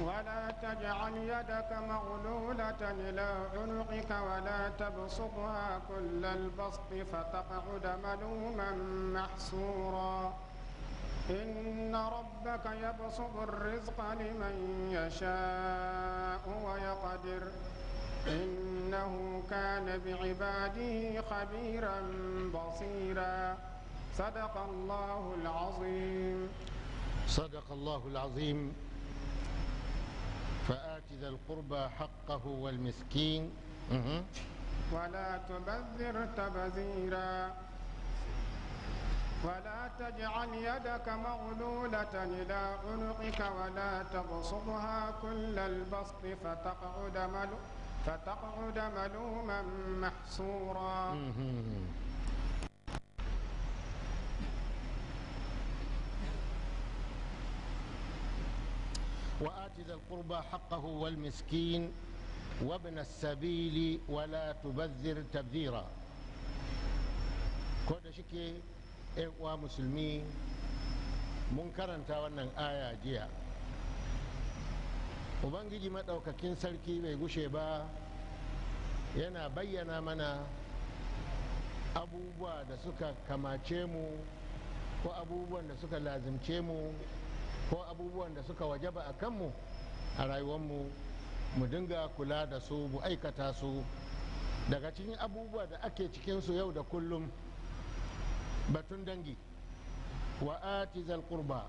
ولا تجعل يدك مغلولة إلى عنقك ولا تبسطها كل البسط فتقعد ملوما محسورا إن ربك يبسط الرزق لمن يشاء ويقدر إنه كان بعباده خبيرا بصيرا صدق الله العظيم صدق الله العظيم ذا القربى حقه والمسكين ولا تبذر تبذيرا ولا تجعل يدك مغلولة إلى عنقك ولا تبسطها كل البسط فتقعد فتقعد ملوما محسورا وآت ذا القربى حقه والمسكين وابن السبيل ولا تبذر تبذيرا ko da shike uwa musulmi mun karanta wannan aya jiya ubangiji maɗaukakin sarki bai gushe ba yana bayyana mana abubuwa da suka kamace mu ko abubuwan da suka lazimce mu ko abubuwan da suka ba a kanmu a rayuwarmu mu dinga kula da su mu aikata su daga cikin abubuwa da ake cikinsu yau da kullum batun dangi wa ati kurba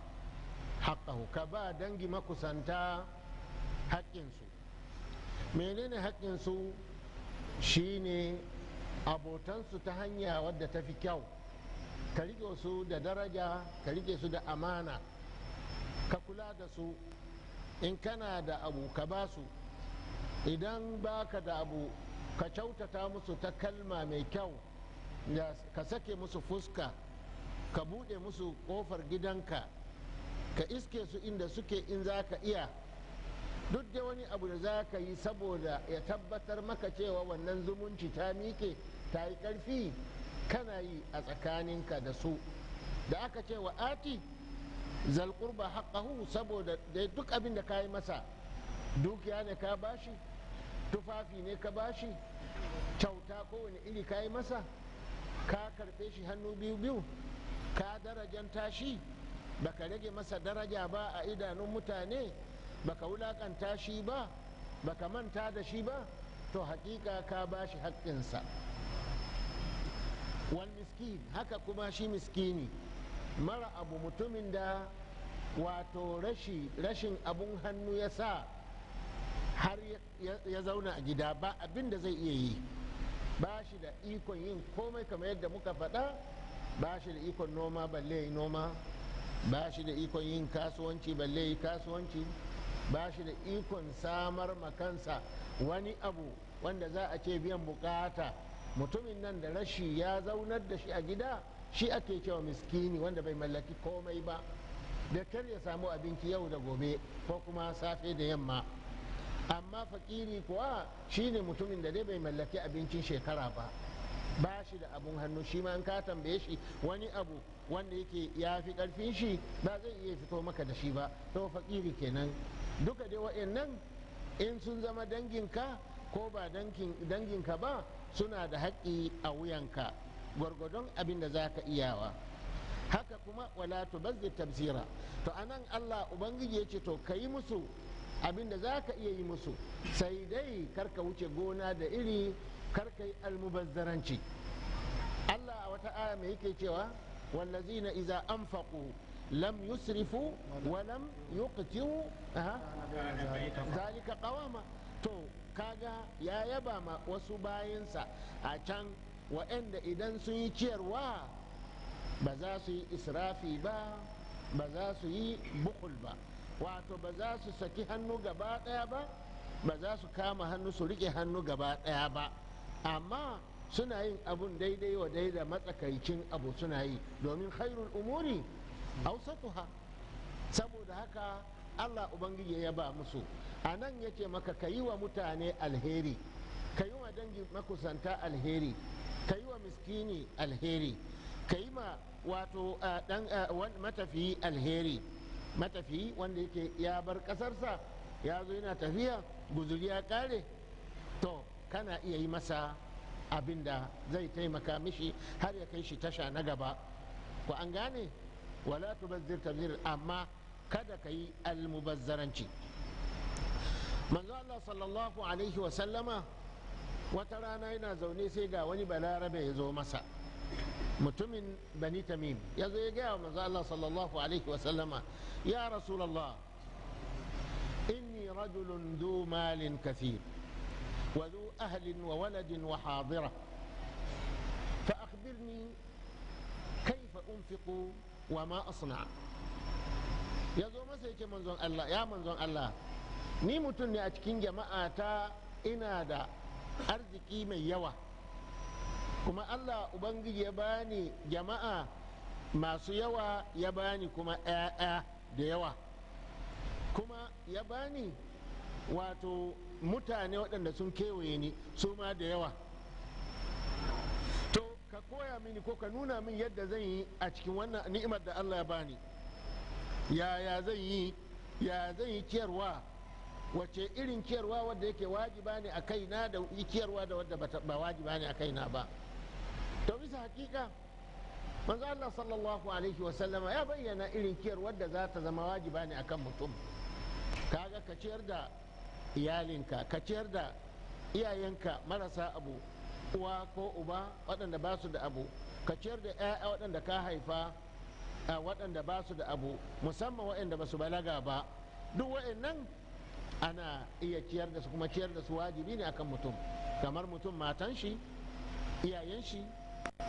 haƙahu ka ba dangi makusanta haƙƙinsu menene haƙƙinsu ne abotansu ta hanya wadda ta fi kyau ka riƙe su da daraja ka riƙe su da amana ka kula da su in kana da abu ka ba su idan ba ka da abu ka kyautata musu ta kalma mai kyau da ka sake musu fuska ka buɗe musu ƙofar gidanka ka iske su inda suke in za ka iya duk da wani abu da za ka yi saboda ya tabbatar maka cewa wannan zumunci ta miƙe ta yi ƙarfi kana yi a tsakaninka da su da aka cewa wa ati zalƙurba haƙahu saboda duk abin da ka yi masa dukiya ne ka bashi tufafi ne ka bashi kyauta kowane iri ka yi masa ka karɓe shi hannu biyu biyu ka darajan shi baka rage masa daraja ba a idanun mutane baka wulaƙanta shi ba baka manta da shi ba to hakika ka bashi haƙƙinsa wal miskin haka kuma shi miskini mara abu mutumin da wato rashin abun hannu ya sa har ya zauna a gida ba abin da zai iya yi ba shi da ikon yin komai kamar yadda muka faɗa ba shi da ikon noma balle yi noma ba shi da ikon yin kasuwanci balle yi kasuwanci ba shi da ikon samar makansa wani abu wanda za a ce biyan bukata mutumin nan da rashi ya zaunar da shi a gida shi ake cewa miskini wanda bai mallaki komai ba da kar ya samu abinci yau da gobe ko kuma safe da yamma amma fakiri kuwa shine mutumin da dai bai mallaki abincin shekara ba ba shi da abun hannu shi ma in ka tambaye shi wani abu wanda yake ya fi karfin shi ba zai iya fito maka da shi ba to fakiri kenan duka dai wa'annan in sun zama danginka ko ba danginka ba suna da haƙƙi a wuyanka gwargwadon abin da za ka iyawa haka kuma wala tubazzi tabzira to anan Allah ubangiji ya ce to ka yi musu abin da za ka iya yi musu sai dai karka wuce gona da iri karka yi almubazzaranci Allah a wata aya mai yake cewa wallazina iza anfaqu lam yusrifu wa lam yuqtiru zalika qawama to kaga ya yaba ma wasu bayansa a can waɗanda idan sun yi ciyarwa ba za su yi israfi ba ba za su yi bukul ba wato ba za su saki hannu gaba daya ba ba za su kama hannu su riƙe hannu gaba daya ba amma suna yin abun daidai wa daida matsakaicin abu suna yi domin khairul umuri ausatuha saboda haka allah ubangiji ya ba musu a nan ya ce maka ka yi wa mutane alheri ka yi wa dangi makusanta alheri ka yi wa miskini alheri ka yi ma wato matafiyi alheri matafiyi wanda yake ya bar ƙasarsa ya zo yana tafiya guzuri ya kare to kana iya yi masa abin da zai taimaka mishi har ya kai shi tasha na gaba ku an gane wala tubazzir tabzir amma kada ka yi almubazzaranci manzo Allah sallallahu alaihi wa sallama wata rana yana zaune sai ga wani balarabe ya zo masa mutumin bani tamim ya zo ya gaya wa manzo Allah sallallahu alaihi wasallama ya rasulallah inni rajulun du malin kathir wa du ahlin wa waladin wa hadira fa akhbirni kaifa unfiqu wa ma asna ya zo masa yake manzon Allah ya manzon Allah ni mutum ne a cikin jama'a ta ina da arziki mai yawa kuma allah ubangiji ya bani jama'a masu yawa ya bani kuma 'ya'ya da yawa kuma ya bani wato mutane waɗanda sun kewaye ni su ma da yawa to ka koya mini ko ka nuna min yadda zan yi a cikin wannan ni'imar da allah ya bani yaya zan yi ya zan yi ciyarwa wace irin kiyarwa wadda yake wajiba ne a kaina da kiyarwa da wadda ba wajiba ne a kaina ba to bisa hakika manzo Allah sallallahu alaihi wa sallama ya bayyana irin kiyarwa da za ta zama wajiba ne akan mutum kaga ka ciyar da iyalinka ka ciyar da iyayenka marasa abu uwa ko uba waɗanda ba su da abu ka ciyar da 'ya'ya waɗanda ka haifa waɗanda ba su da abu musamman waɗanda ba su balaga ba duk waɗannan ana iya ciyar da su kuma ciyar da su wajibi ne akan mutum kamar mutum matan shi iyayen shi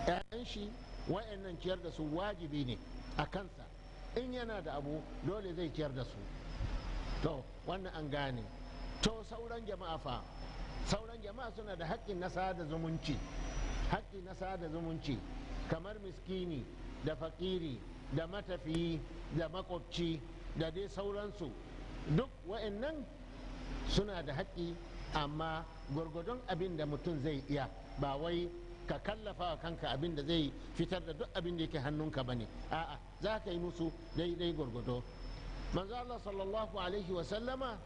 ƴaƴan shi wa'annan ciyar da su wajibi ne a kansa in yana da abu dole zai ciyar da su to wannan an gane to sauran jama'a fa sauran jama'a suna da haƙƙin na sada zumunci haƙƙi na sada zumunci kamar miskini da fakiri da matafiyi da makwabci da dai sauransu duk wa'annan suna da haƙƙi amma gwargwadon abin da mutum zai iya ba wai ka kallafa wa kanka abin da zai fitar da duk abin da yake hannunka ba ne a'a za ka yi musu daidai gwargwado manzo Allah sallallahu alaihi wa sallama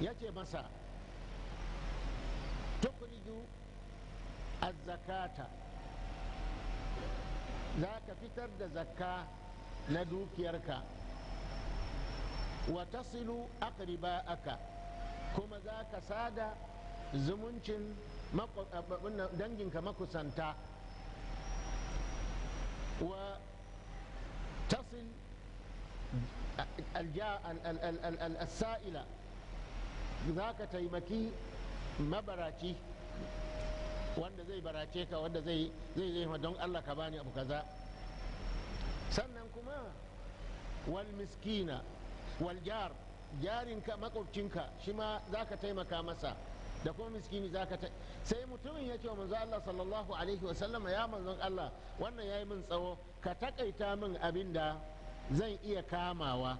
yace masa tukhriju az-zakata za ka fitar da zakka na dukiyarka وتصل أقرباءك كما ذاك سادة زمنشن دنجنك مكو سنتا وتصل الجاء السائلة ذاك تيمكي مبراتي وأن زي براتيك وأن زي زي زي دون الله كباني أبو كذا سنن كما والمسكينه waljar jarinka makwabcinka shi ma za ka taimaka masa da kuma miskini za ka sai mutumin ya ce wa manzo Allah sallallahu alaihi ya manzon Allah wannan ya yi min tsawo ka takaita min abin da zan iya kamawa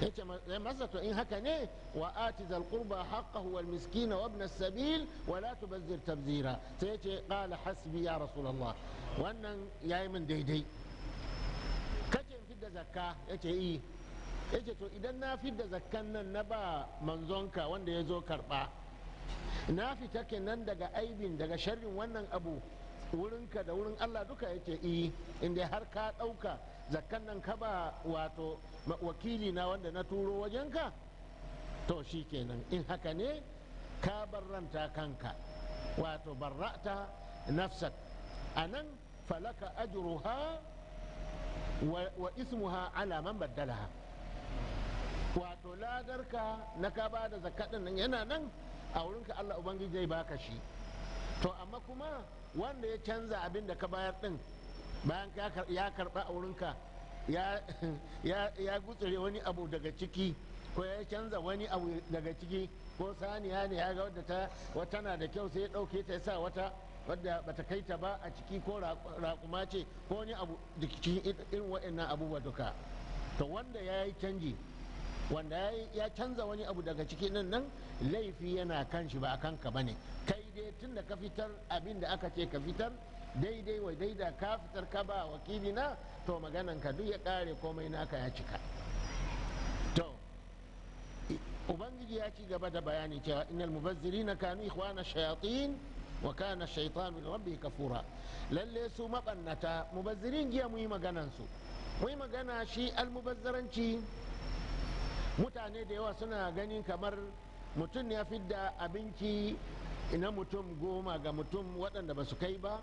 ya ce masa to in haka ne wa ati zal qurba haqqahu wal miskina wa ibn sabil wa la tubazzir tabzira sai ya ce qala hasbi ya rasulullah wannan ya yi min daidai kace in fidda zakka ya ce ya ce to idan na fi da zakkan nan na ba manzonka wanda ya zo karɓa na fita kenan daga aibin daga sharrin wannan abu wurinka da wurin allah duka yake yi eh, inda har ka ɗauka zakkan nan ka ba wato wakili na wanda na turo wajenka to shi kenan in haka ne ka barranta kanka wato barra'ta nafsat a nan falaka ajruha wa ismuha ala man baddalaha wato ladarka na ka ba da zakaɗin nan yana nan a wurinka Allah ubangiji zai baka shi to amma kuma wanda ya canza abin da ka bayar ɗin bayan ya karba a wurinka ya gutsire wani abu daga ciki ko ya canza wani abu daga ciki ko saniya ne ya ga wadda ta wata na da kyau sai ya ɗauke ta ya sa wata wadda bata kai ta ba a ciki ko raƙuma ce ko wani abu cikin irin waɗannan abubuwa duka to wanda ya yi canji wanda ya canza wani abu daga cikin nan nan laifi yana kan shi ba a kanka bane kai dai tun da ka fitar abin da aka ce ka fitar daidai wa daida ka fitar ka ba wakili na to magananka duk ya kare komai naka ya cika to ubangiji ya ci gaba da bayani cewa innal na kanu ikhwana shayatin wa kana shaytanu rabbi kafura lalle su mabannata mubazzirin jiya mu yi maganan su mu yi magana shi almubazzaranci mutane da yawa suna ganin kamar mutum ya fidda abinci na mutum goma ga mutum waɗanda ba su kai ba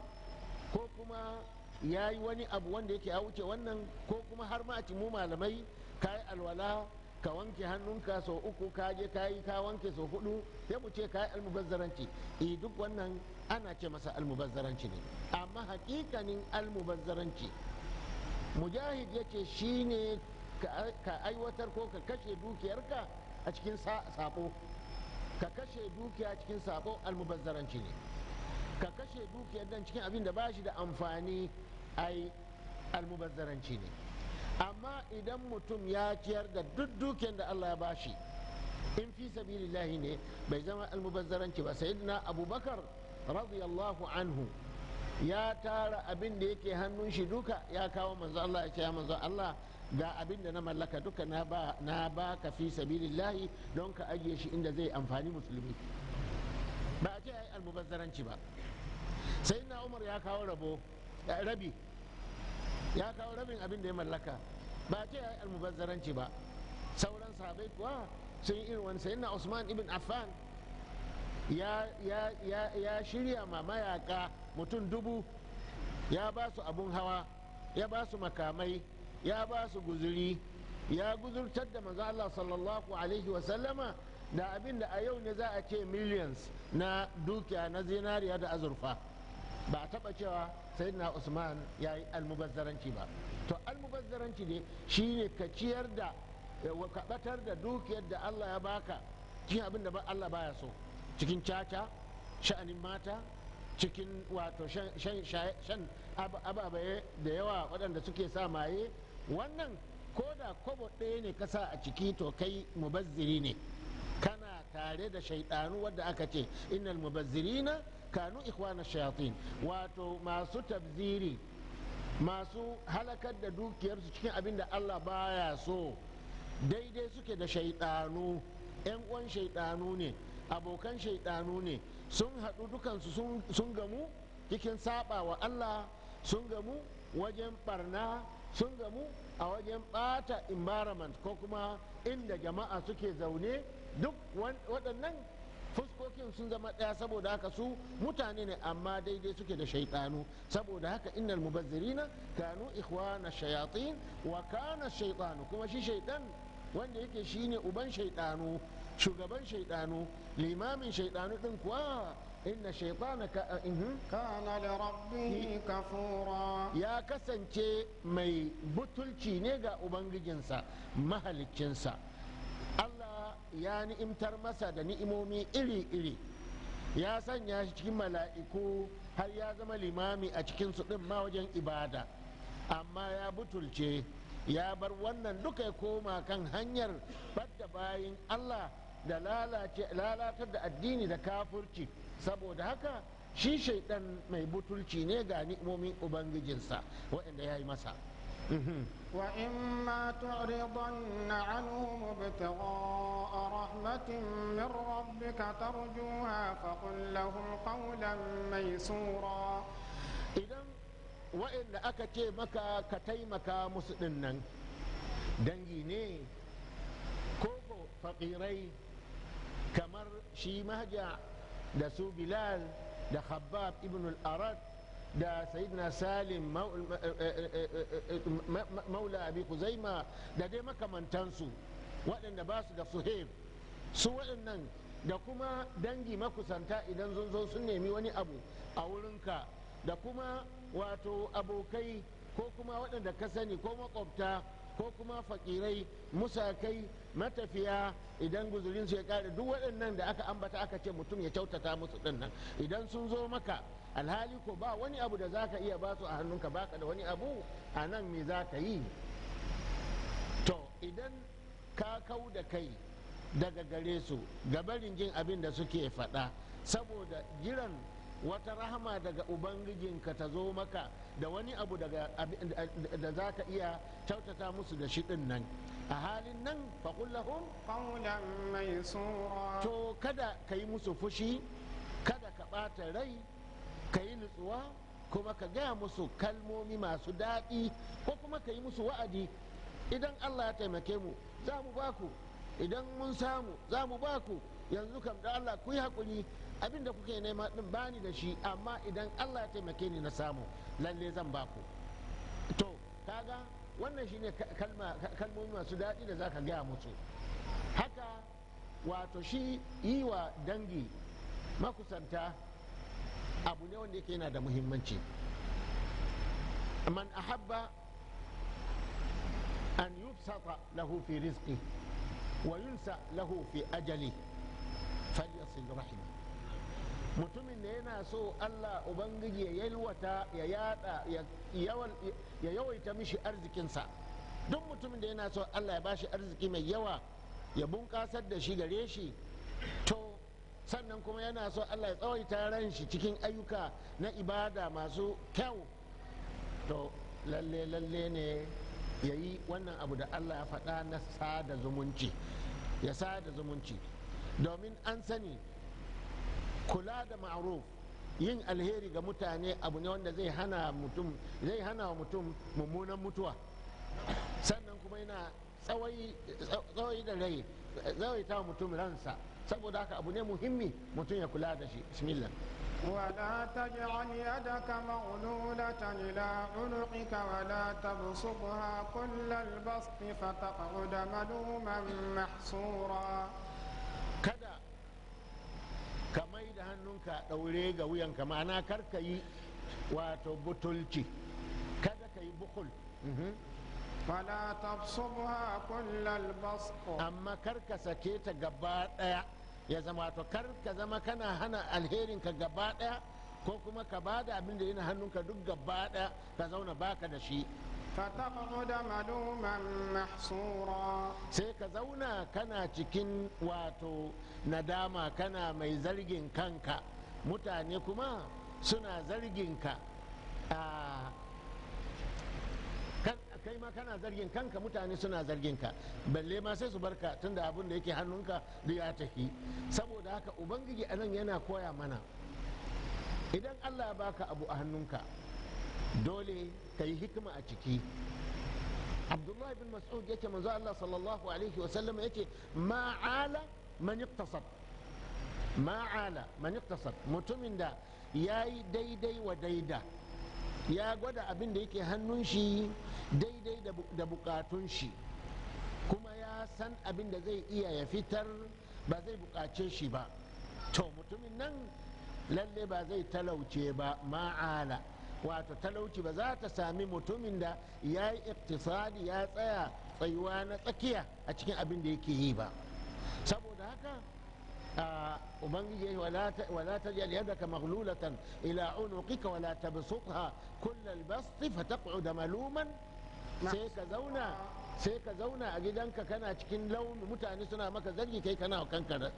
ko kuma ya yi wani abu wanda yake ya wuce wannan ko kuma har ma a mu malamai ka yi alwala ka wanke hannunka sau uku ka je ka yi ka wanke sau hudu sai mu ce ka yi almubazzaranci e duk wannan ana ce masa almubazzaranci ne amma hakikanin almubazzaranci mujahid ya ce shi ka aiwatar ko ka kashe dukiyarka a cikin sabo ka kashe dukiya cikin sabo almubazzaranci ne ka kashe dukiyar nan cikin abin da ba shi da amfani ai almubazzaranci ne amma idan mutum ya ciyar da duk dukiyar da Allah ya bashi in fi sabilillahi ne bai zama almubazzaranci ba sayyidina abubakar radiyallahu anhu ya tara abin da yake hannun shi duka ya kawo manzo Allah ya ce manzo Allah ga abin da na mallaka duka na ba ka fi sabilillahi don ka ajiye shi inda zai amfani musulmi ba a ce ai almubazzaranci ba sai na umar ya kawo rabo rabi ya kawo rabin abin da ya mallaka ba a ce ai almubazzaranci ba sauran sahabai kuwa sun yi irin wani sai na usman ibn affan ya shirya ma mayaka mutum dubu ya ba su abun hawa ya ba su makamai ya ba su guzuri ya guzurtar da manzo Allah sallallahu alaihi wa sallama da abin da a yau ne za a ce millions na dukiya na zinariya da azurfa ba a taba cewa sayyidina usman ya yi almubazzaranci ba to almubazzaranci ne shine ka ciyar da ka batar da dukiyar da Allah ya baka cikin abin da Allah baya so cikin caca sha'anin mata cikin wato shan ababe da yawa waɗanda suke sa maye wannan ko da kobo ɗaya ne kasa a ciki to kai mubazziri ne kana tare da shaidanu wadda aka ce innal na kanu ikwana shayatin wato masu tabziri masu halakar da dukiyarsu cikin abin da Allah baya so daidai suke da shaidanu yan uwan shaidanu ne abokan shaidanu ne sun haɗu dukansu sun gamu cikin saba wa Allah sun gamu wajen barna sun gamu a wajen bata environment ko kuma inda jama'a suke zaune duk waɗannan fuskokin sun zama ɗaya saboda haka su mutane ne amma daidai suke da shaitanu saboda haka innal mubazzirina kanu ikhwana shayatin wa kana shaitanu kuma shi shaitan wanda yake shine uban shaitanu shugaban shaitanu limamin shaitanu din kuwa inna shaitana ka eh, mhm. kana da rabbi kafura ya kasance mai butulci ne ga ubangijinsa mahaliccinsa Allah ya ni'imtar masa da ni'imomi iri-iri ya sanya shi cikin mala'iku har ya zama limami a cikin su ɗin ma wajen ibada amma ya butulce ya bar wannan duka ya koma kan hanyar badda bayin Allah da lalatar da addini da kafurci saboda haka shi shaidan mai butulci ne ga ni'imomin ubangijinsa waɗanda ya yi masa وإما تعرضن عنهم ابتغاء رحمة من ربك ترجوها فقل لهم قولا ميسورا إذا وإن أكتي مكا كتي مكا مسلنا دنجي ne ko faƙirai kamar shi mahja da su bilal da khabbab ibn al-arad da sayidina salim maula abi kuzaima da dai makamantansu waɗanda ba su da suhaib su waɗannan da kuma dangi makusanta idan sun zo sun nemi wani abu a wurinka da kuma wato abokai ko kuma waɗanda ka sani ko makwabta ko kuma fakirai musakai matafiya idan guzurinsu ya kare duk waɗannan da aka ambata aka ce mutum ya kyautata musu ɗinnan idan sun zo maka alhali ko ba wani abu da zaka iya ba su a hannunka baka da wani abu a nan me za ka yi to idan ka kau da kai daga gare su gabarin jin abin da suke faɗa saboda jiran wata rahama daga ubangijinka ta zo maka da wani abu da za ka iya kyautata musu da shi nan a halin nan faƙullahun to kada ka yi musu fushi kada ka ɓata rai ka yi nutsuwa kuma ka gaya musu kalmomi masu daɗi ko kuma ka yi musu wa'adi idan allah ya taimake mu za mu baku idan mun samu za mu baku yanzu kam da Allah ku yi hakuri abin da kuke nema din bani da shi amma idan Allah ya taimake ni na samu lalle zan ba ku to kaga wannan shine kalmomi masu daɗi da zaka gaya musu haka wato shi yi wa dangi makusanta abu ne wanda yake yana da muhimmanci man ahabba an yubsata lahu fi rizqi wa yunsa lahu fi ajali falyasil rahima mutumin da yana so Allah ubangiji ya yalwata ya yada ya yawaita mishi arzikinsa duk mutumin da yana so Allah ya bashi arziki mai yawa ya bunƙasar da shi gare shi to sannan kuma yana so Allah ya tsawaita ran shi cikin ayyuka na ibada masu kyau to lalle lalle ne ya yi wannan abu da Allah ya faɗa na sada zumunci ya sada zumunci domin an sani kula da ma'ruf yin alheri ga mutane abu ne wanda zai hana mutum zai hana wa mutum mummunan mutuwa sannan kuma yana tsawai da rai ta mutum ransa saboda haka abu ne muhimmi mutum ya kula da shi bismillah ولا تجعل يدك مغلولة إلى عنقك ولا تبسطها كل البسط فتقعد ملوما محصورا ka mai da hannunka ɗaure ga wuyanka ma'ana kar ka yi wato butulci kada ka yi bukul mhm. fala tabsubha kullal basq amma kar ka sake ta gaba ɗaya ya zama to kar ka zama kana hana alherin ka gaba ɗaya ko kuma ka bada abin da yana hannunka duk gaba ɗaya ka zauna baka da shi فتقعد ملوما محصورا kana زونا كنا تشكين واتو نداما كنا مي كانكا mutane kuma suna zargin kai ma kana zargin kanka mutane suna zargin ka balle ma sai su barka tunda abin da yake hannunka da ya tafi saboda haka ubangiji anan yana koya mana idan allah baka abu a hannunka dole ka yi hikima a ciki abdullahi bin mas'ud yace manzo Allah sallallahu alaihi wa sallam yace ala man iqtasab ala man iqtasab mutumin da yayi daidai wa daida ya gwada abin da yake hannun shi daidai da bukatun shi kuma ya san abin da zai iya ya fitar ba zai bukace shi ba to mutumin nan lalle ba zai talauce ba ma'ala wato talauci ba za ta sami mutumin da ya yi iktisadi ya tsaya tsayuwa na tsakiya a cikin abin da yake yi ba saboda haka ubangiji wala ta jiya tajal yadaka maglulatan ila unuqika wala ta tabsutha kullal basti fataq'uda maluman sai ka zauna sai ka zauna a gidanka kana cikin launi mutane suna maka zargi kai kana kanka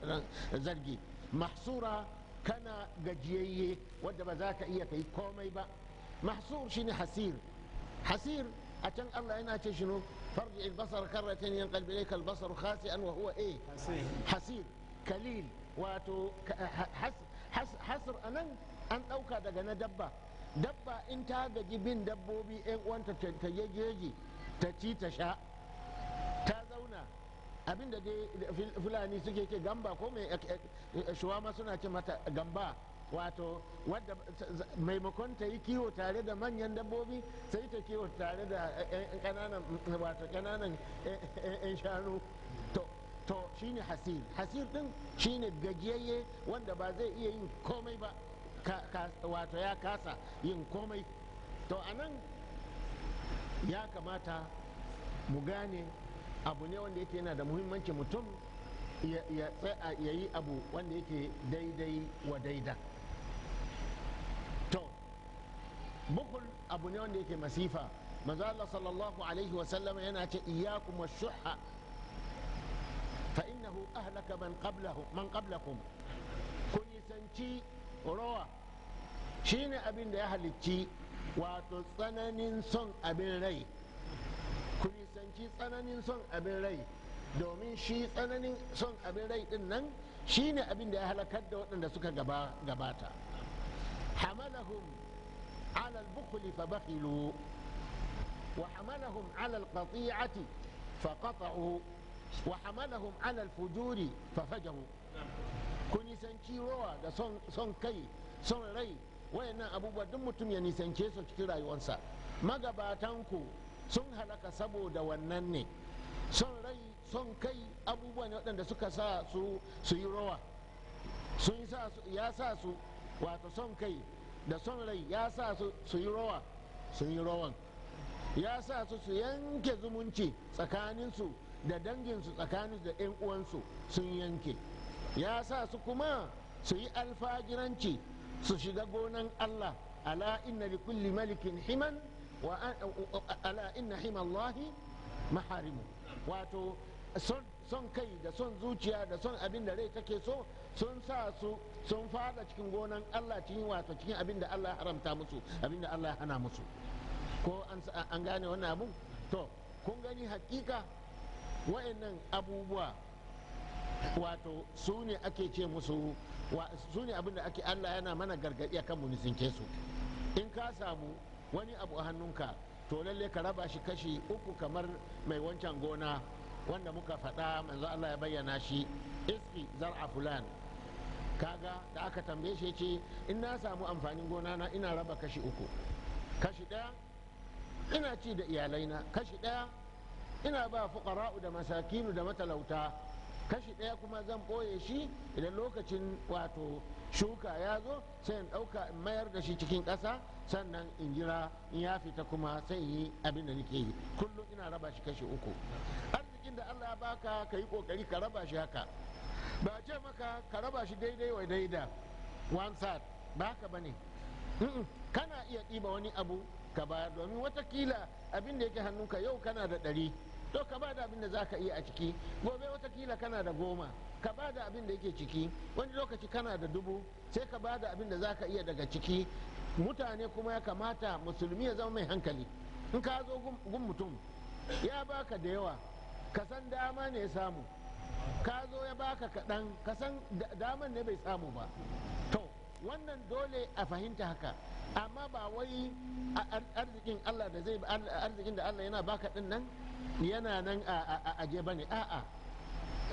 zargi mahsura kana gajiyayye wadda ba za ka iya kai komai ba mahsur shine hasir hasir a can Allah yana ce shi no farji albasar karratin yan qalbi ilayka albasar wa huwa eh hasir kalil wato hasr nan an ɗauka daga na dabba dabba in ta gaji bin dabbobi yan uwanta ta yage ta ci ta sha abin da dai fulani suke ce gamba ko mai eh, eh, shuwama suna ce mata gamba wato wadda maimakon ta yi kiwo tare da manyan dabbobi sai ta kiwo tare da kananan eh, wato yan shanu to shine hasir hasir din shine gajiyayye wanda ba zai iya yin komai ba wato ya kasa yin komai to anan ya kamata mu gane abu ne wanda yake yana da muhimmanci mutum ya yi abu wanda yake daidai wa daida to bukul abu ne wanda yake masifa maza sallallahu alaihi wasallam yana ce iyyakum washuha fa innahu ahlaka man qablahu man qablakum ku nisanci rowa shine abin da ya halicci wato tsananin son abin rai shi tsananin son abin rai domin shi tsananin son abin rai din nan shi ne abin da ya halakar da waɗanda suka gabata hamalahum ala al-bukhli fa bakhilu wa hamalahum alal qatiati fa qata'u wa hamalahum ala fujuri fa fajahu ku nisanci rowa da son kai son rai wayannan abubuwa duk mutum ya nisance su cikin rayuwarsa magabatanku sun halaka saboda wannan ne son rai son kai abubuwa ne waɗanda suka sa su su yi rawa sun ya sa su wato son kai da son rai ya sa su su yi rawa sun yi rawan ya sa su su yanke zumunci tsakaninsu da danginsu tsakanin da 'yan uwansu sun yanke ya sa su kuma su yi alfajiranci su shiga gonan allah ala inna li kulli malikin himan wa ala inna himallahi maharimu wato son kai da son zuciya da son abin da rai kake so sun sa su sun fada cikin gonan Allah cikin wato cikin abin da Allah haramta musu abin da Allah hana musu ko an gane wannan abun to kun gani hakika wa'annan abubuwa wato su ne ake ce musu su ne abin da ake Allah yana mana gargaɗi a mu nisinke su in ka samu wani abu a hannunka to lalle ka raba shi kashi uku kamar mai wancan gona wanda muka faɗa manzo Allah ya bayyana shi zar zar'a fulan kaga da aka tambaye shi ce in na samu amfanin gona na ina raba kashi uku kashi ɗaya ina ci da iyalaina kashi ɗaya ina ba fuqara'u da masakinu da matalauta kashi ɗaya kuma zan ɓoye shi idan lokacin wato shuka ya zo sai in ɗauka in mayar da shi cikin ƙasa sannan in jira in ya fita kuma sai yi abin da nake yi kullum ina raba shi kashi uku arzikin da allah baka ka yi kokari ka raba shi haka ba ce maka ka raba shi daidai wa daida one third ba ne kana iya ɗiba wani abu ka bayar domin watakila abin da yake hannunka yau kana da ɗari to ka ba da abin da za ka iya a ciki gobe watakila kana da goma ka ba da abin da yake ciki wani lokaci kana da dubu sai ka ba da abin da za ka iya daga ciki mutane kuma ya kamata musulmi ya zama mai hankali in ka zo gun mutum ya baka da yawa ka san dama ne ya samu ka zo ya baka kaɗan ka san daman ne bai samu ba to wannan dole a fahimta haka amma ba wai arzikin Allah da zai arzikin da Allah yana baka ɗin nan yana nan a aje a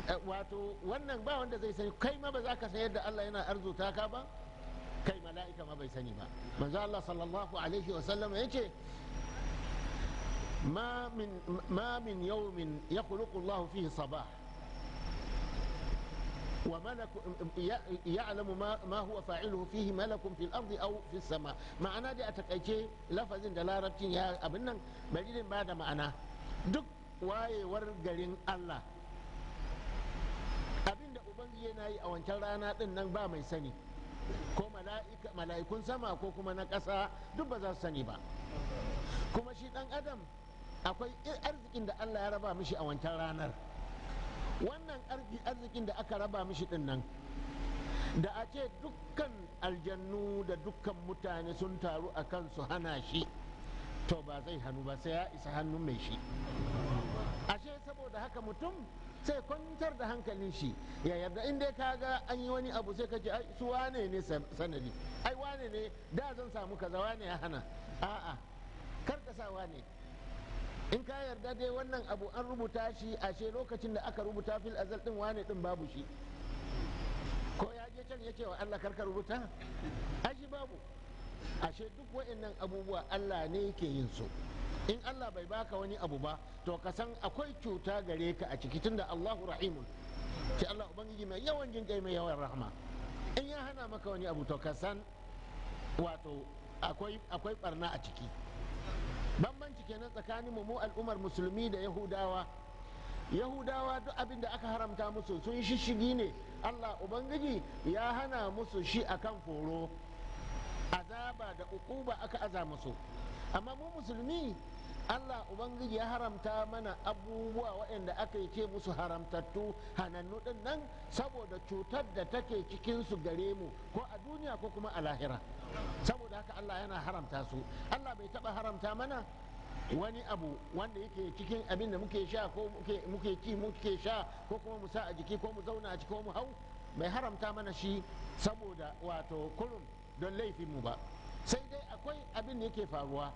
a wato wannan ba wanda zai sani kai ma ba za ka san yadda Allah yana arzuta ka ba kai mala'ika ma bai sani ba manzo Allah sallallahu alaihi wa sallam yace ma min ma min yawmin yakhluqu Allah fihi sabah وملك يعلم ما, ما هو فاعله فيه ملك fil الارض او في sama ma'ana dai a takaice lafazin da larabcin ya abin nan bari din ba da ma'ana duk wayewar garin Allah abinda ubangiji yana yi a wancan rana din nan ba mai sani ko mala'ikun sama ko kuma na ƙasa duk ba za su sani ba kuma shi ɗan adam akwai arzikin da allah ya raba mishi a wancan ranar wannan arzikin da aka raba mishi ɗin nan da a ce dukkan aljannu da dukkan mutane sun taru a kansu hana shi to ba zai hannu ba sai ya isa hannun mai shi saboda haka mutum sai kwantar da hankalin shi ya yarda in dai ka ga an yi wani abu sai ka ce ai su wane ne sanadi ai wane ne da zan samu kaza wane ya hana a'a kar ka sa wane in ka yarda dai wannan abu an rubuta shi ashe lokacin da aka rubuta fil azal din wane din babu shi ko ya je can ya ce wa Allah karka rubuta ashe babu ashe duk wa'annan abubuwa Allah ne yake yin su in Allah bai baka wani abu ba to ka san akwai cuta gare ka a ciki tunda Allahu rahimun ce Allah ubangiji mai yawan jin kai mai yawan rahama in ya hana maka wani abu to ka san wato akwai akwai barna a ciki bambanci kenan tsakanin mu mu al'ummar musulmi da yahudawa yahudawa duk abin da aka haramta musu sun shishigi ne Allah ubangiji ya hana musu shi akan foro azaba da ukuba aka aza musu amma mu musulmi Allah Ubangiji ya haramta mana abubuwa waɗanda aka yi ce musu haramtattu hanannu ɗin nan saboda cutar da take cikinsu gare mu ko a duniya ko kuma a lahira saboda haka Allah yana haramta su Allah bai taɓa haramta mana wani abu wanda yake cikin abin da muke sha ko muke ci muke sha ko kuma mu sa a jiki ko mu zauna a ciki ko mu hau bai haramta mana shi saboda wato kurum don laifin mu ba sai dai akwai abin da yake faruwa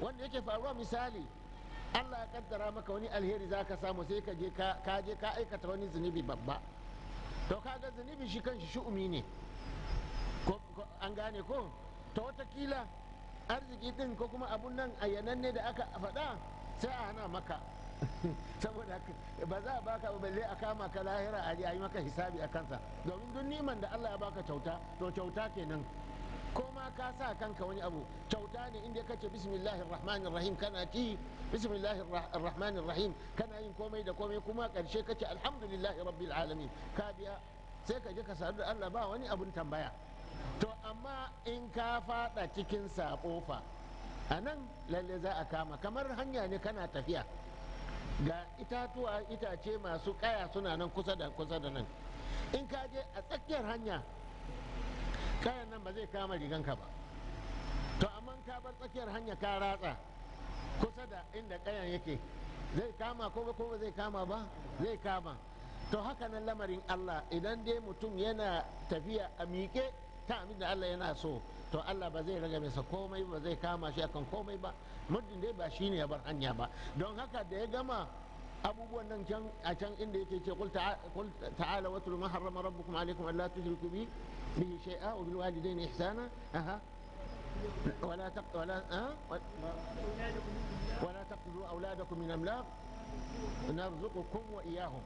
wanda yake faruwa misali allah ya kaddara maka wani alheri za ka samu sai ka je ka ka aikata wani zunubi babba to kaga zunubi shi kanshi shu'umi ne an gane ko ta watakila arziki din ko kuma abun nan ne da aka faɗa sai a hana maka saboda ba za a baka balle a kama ka lahira a yi maka hisabi a kansa domin duk niman da Allah ya baka kyauta to kyauta kenan ma ka sa kanka wani abu kyauta ne inda kace bismillahir rahmanir rahim kana ci bismillahir rahmanir rahim kana yin komai da komai kuma karshe kace alhamdulillahi rabbil alamin ka biya sai ka je ka sadu da Allah ba wani abun tambaya to amma in ka fada cikin sabo a nan lalle za a kama kamar hanya ne kana tafiya ga itatuwa itace masu kaya suna nan kusa da kusa da nan in ka je a tsakiyar hanya kayan nan ba zai kama ka ba to amma ka bar tsakiyar hanya ka ratsa kusa da inda kayan yake zai kama ko ba zai kama ba zai kama to haka nan lamarin Allah idan dai mutum yana tafiya a miƙe ta amin Allah yana so to Allah ba zai raga masa komai ba zai kama shi akan komai ba muddin dai ba shine ya bar hanya ba don haka da ya gama abubuwan nan can a can inda yake ce kul ta'ala watul ma rabbukum alaikum alla tushriku bi به شيئا وبالوالدين إحسانا أها ولا تق... ولا أه؟ ولا تقتلوا أولادكم من أملاق نرزقكم وإياهم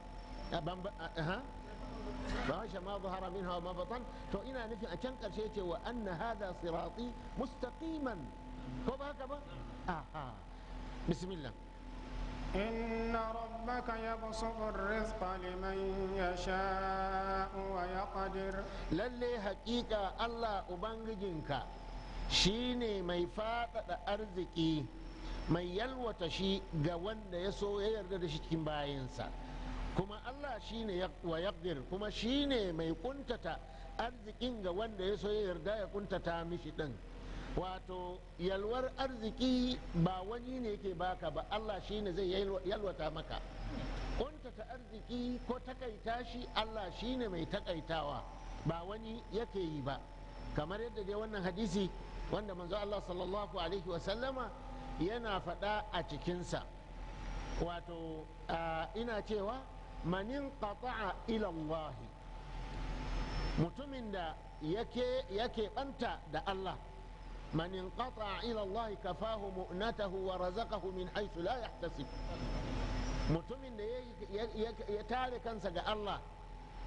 أه، أها فهش ما ظهر منها وما بطن تو إنا نفي أن تنقل وأن هذا صراطي مستقيما هو أها بسم الله إن ربك يبسط الرزق لمن يشاء ويقدر للي حقيقة الله أبنجنك شيني مي فاتت أرزقي mai yalwata shi ga wanda ya so ya yarda da shi cikin bayansa kuma Allah shine wa yaqdir kuma shine mai kuntata arzikin ga wanda ya so ya yarda ya kuntata mishi din wato yalwar arziki ba wani ne ke baka ba Allah shi ne zai yalwata maka kuntata arziki ko takaita shi Allah shi ne mai takaitawa ba wani yake yi ba kamar yadda dai wannan hadisi wanda manzo Allah sallallahu alaihi wasallama yana faɗa a cikinsa wato ina cewa manin qata'a ila Allah mutumin da yake yake banta da Allah من انقطع إلى الله كفاه مؤنته ورزقه من حيث لا يحتسب mutumin da ya tare kansa ga Allah